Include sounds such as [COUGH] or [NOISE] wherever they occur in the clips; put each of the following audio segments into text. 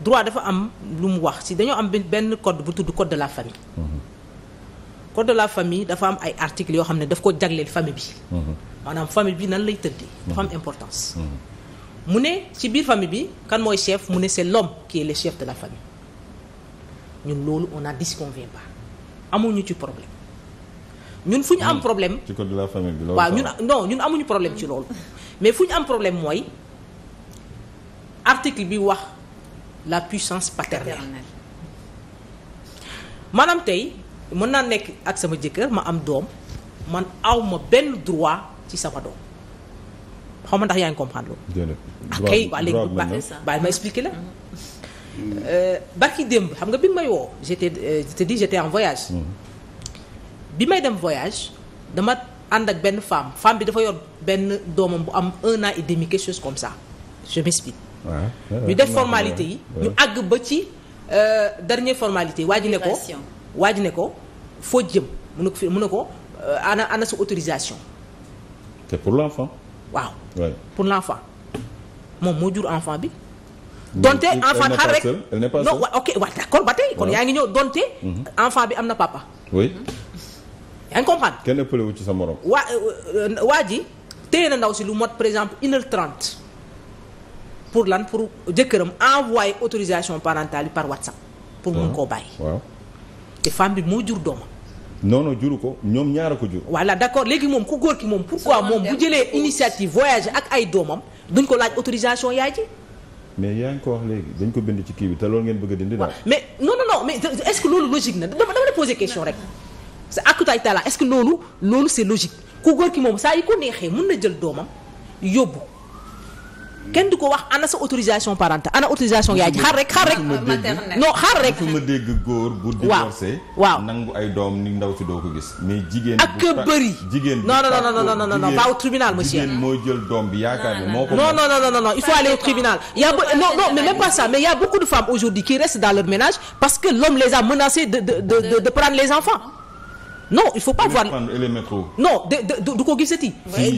droit dafa am lu mu wax si dañoo am benn code bu tudd code de la famille. Mm-hmm. code de la famille dafa am ay articles yoo xam ne daf ko jagleel famille bi. Mm-hmm. maanaam famille bi nan lay tëddee. dafa am mm-hmm. importance. mu ne ci biir famille bi kan mooy chef mu ne c'est l'homme kii le chef de la famille ñun loolu on n'en disconvient pas amuñu ci problème ñun fu ñu am problème. ci code de la famille ñun amuñu problème ci loolu [LAUGHS] mais fu ñu am problème mooy article bi wax. la puissance paternelle maanaam tey mën naa nekk ak sama jëkkër ma am doom man awma benn droit ci sama doom xaw ma ndax yaa ngi comprendre loolu. ak ah, kay waa léegi bàyyi ma expliquer la. Euh, barki démb xam nga bi may woo j'étais euh, je te dis en voyage. Mhm. bi may dem voyage dama ànd ak benn femme femme bi dafa yor benn doomam bu am un an et demi quelque chose comme ça ñu def formalité yi ñu àgg ba ci euh, dernier formalité waa ji ne ko waa ji ne ko foo jëm mun na ko fi mu ne ko euh, ana ana sa autorisation c'est pour l'enfant waaw pour l'enfant moom moo jur enfant bi donte enfant xar rek non ok waaw d'accord ba tey kon yaa ngi ñëw donte mm-hmm. enfant bi am na papa oui yaa ngi comprendre kenn ëppale wu ci sa morom waa euh, waa ji téye na ndaw si lu mot par exemple une heure pour lan pour jëkkëram envoyer autorisation parentale yi par WhatsApp. pour mun koo bàyyi. waaw te femme bi moo jur doomam. non non juru ko ñoom ñaara ko jur. voilà d' léegi moom ku góor ki moom. pourquoi moom bu jëlee initiative voyage ak ay doomam duñ ko laaj autorisation yaay ji. mais yaa ngi ko wax léegi dañ ko bind ci kii bi te loolu ngeen bëgg a dindi daal. mais non non non mais est ce que loolu logique na dama dama la poser question rek. sa akutay tala est ko neexee mun na jël doomam yóbbu. kenn du ko wax ana sa autorisation parentale ana autorisation yaay ji xaar rek xaar rek. non xaar rek. dégg góor bu divorcé. waaw nangu ay doom ni ndaw si doo gis. mais jigéen ak bëri. jigéen non non non non non non jël doom bi yaakaar ne moo ko. non non non non non il faut aller au tribunal. y non mais même que a menacées de de de prendre les enfants. non il faut pas voir non de du ko gisati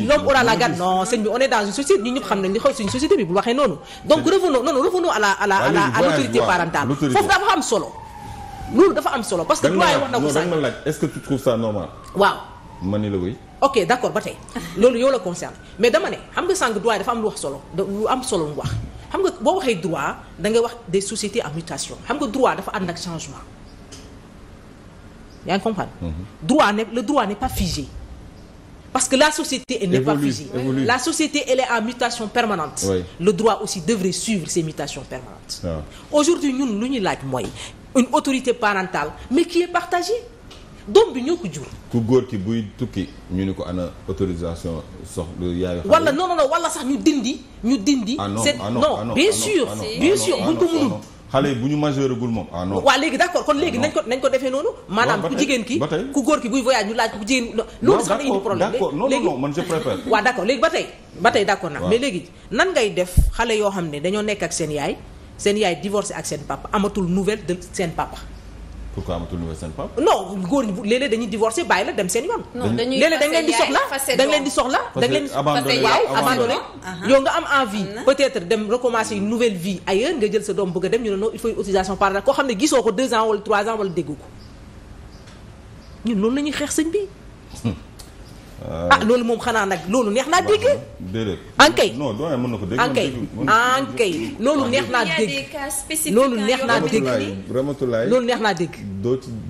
l'homme aura la garde non sëñ bi on est dans une société ñu ñëpp xam nañ li xew suñu société bi bu waxee noonu donc revenons non revenons à la à la à la à parentale foofu dafa am solo loolu dafa am solo parce que doyen wax na ko sax est-ce que tu d'accord ba tey loolu yow la concerne mais dama ne xam nga sànq doyen dafa am lu wax solo lu am solo mu wax xam nga boo waxee droit da ngay wax des sociétés en mutation xam nga droit dafa ànd ak changement yaa ngi comprendre. Mhm. droit ne le droit n'est pas figé parce que la société elle n'est pas figée évolue. la société elle est en mutation permanente le droit aussi devrait suivre ces mutations permanentes ah. aujourd'hui ñun lu ñuy laaj mooy une autorité parentale mais qui est partagée doom bi ñoo ko jur ku góor ki buy tukki ñu ni ko ana autorisation sox yaay wala non non non wala sax ñu dindi ñu dindi ah c'est ah ah non bien sûr bien sûr buñ ko mënul xale yi bu ñu a gul moom ah non. waaw léegi d'accord kon léegi ah, nañ ko nañ ko defee noonu. maanaam ku jigéen ki ku góor ki buy voyage ñu laaj ku jigéen. loolu sax day indi problème léegi non non man d'accord léegi ba tey ba tey d'accord naa mais léegi nan ngay def xale yoo xam ne dañoo nekk ak seen yaay seen yaay divorcé ak seen papa amatul nouvelle de seen papa pourquoi amatul nouvelle seen papa. non góor ñi léeg-léeg dañuy divorcer bàyyi la dem seen yoon. non dañuy fase da nga leen di soxla da nga leen di soxla. da nga leen di waaw abandonné uh-huh. nga am envie. peut-être dem recommencer une nouvelle vie ailleurs nga jël sa doom bëgg a dem ñu ne non il faut une autorisation parentale koo xam ne gisoo ko deux ans wala trois ans wala déggu ko ñun loolu la ñuy xeex sëñ bi. [LAUGHS] ah loolu moom xanaa nag loolu neex naa dégg. déedéet ankay non doyen mën na ko dégg. ankay ankay loolu neex naa dégg. loolu neex naa dégg. Ramatulaay loolu neex naa dégg.